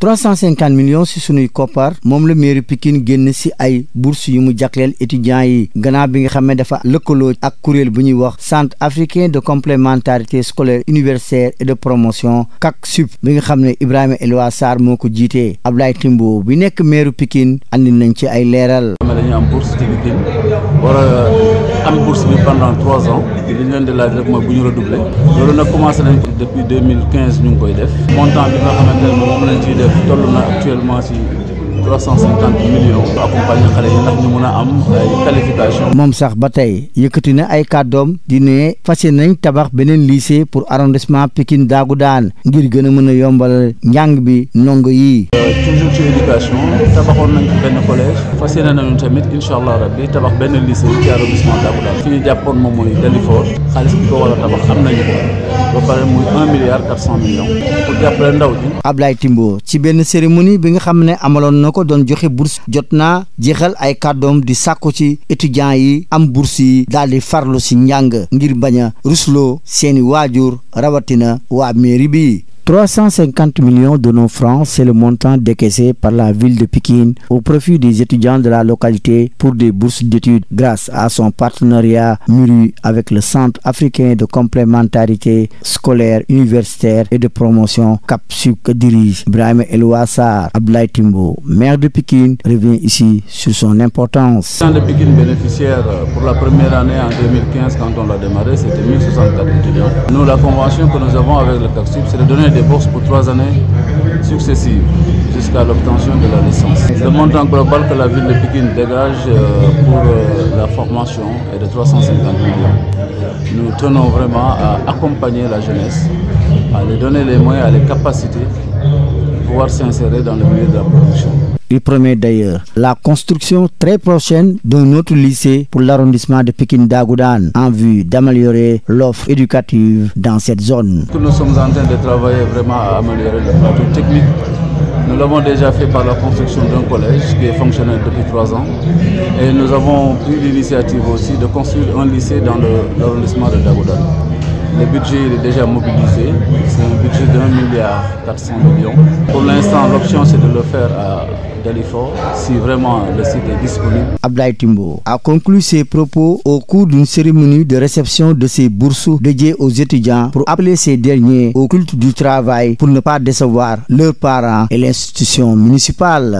350 millions ci sunuy koppar moom la mairie Pikine génn si ay bourse yu mu jagleel étudiants yi gannaaw bi nga xam ne dafa lëkkaloo ak kuréel bu ñuy wax centre africain de complémentarité scolaire universitaire et de promotion CACSUP bi nga xam ne Ibrahima Eloua Sarr moo ko jiitee Ablaye Timbo bi nekk mairie Pikine andi nañ ci ay leeral. dañu am bourse ci Pikine war a am bourse bi pendant 3 ans. li ñu leen di laaj rek mooy bu ñu redoublé loolu nag commencé nañ depuis ñu ngi koy def montant bi nga xamante ne moom lañ ciy def toll na actuellement si 350 millions accompagné xale yi ndax ñu mun a am ay qualification moom sax ba tey yëkkati na ay kàddoom di ne fas nañ tabax beneen lycée pour arrondissement Pikine daan ngir gën a mën a yombal njàng bi ndongo yi toujours ci éducation tabaxoon nañ benn collège fas nañu tamit incha allah rabbi tabax benn lycée ci arrondissement Dagoudane fi ñu jàppoon moom mooy xaalis bi ko war a tabax am nañu ba pare muy ci benn cérémonie bi nga xam ne amaloon na ko doon joxe bourse jot naa jeexal ay kàddoom di sàkku ci étudiants yi am bourse yi daal farlu ci njàng ngir bañ a rusloo seeni waajur rawatina waa mairie bi. 350 millions de nos francs, c'est le montant décaissé par la ville de Pékin au profit des étudiants de la localité pour des bourses d'études grâce à son partenariat MURU avec le Centre africain de complémentarité scolaire, universitaire et de promotion CAPSU que dirige Brahim Elouassar Ablaï Timbo. Maire de Pékin revient ici sur son importance. Le Pékin bénéficiaire euh, pour la première année en 2015 quand on l'a démarré, c'était 1064 étudiants. Nous, la convention que nous avons avec le CAPSU, c'est de donner des pour trois années successives jusqu'à l'obtention de la licence. Le montant global que la ville de Pékin dégage euh, pour euh, la formation est de 350 millions. Nous tenons vraiment à accompagner la jeunesse, à lui donner les moyens, à les capacités pour pouvoir s'insérer dans le milieu de la production. Il promet d'ailleurs la construction très prochaine d'un autre lycée pour l'arrondissement de Pékin Dagoudan en vue d'améliorer l'offre éducative dans cette zone. Nous sommes en train de travailler vraiment à améliorer le plateau technique. Nous l'avons déjà fait par la construction d'un collège qui est fonctionnel depuis trois ans. Et nous avons pris l'initiative aussi de construire un lycée dans l'arrondissement de Dagoudan. Le budget est déjà mobilisé, c'est un budget de 1 milliard 400 millions. Pour l'instant, l'option c'est de le faire à Delifort, si vraiment le site est disponible. Abdoulaye Timbo a conclu ses propos au cours d'une cérémonie de réception de ses bourses dédiées aux étudiants pour appeler ces derniers au culte du travail pour ne pas décevoir leurs parents et l'institution municipale.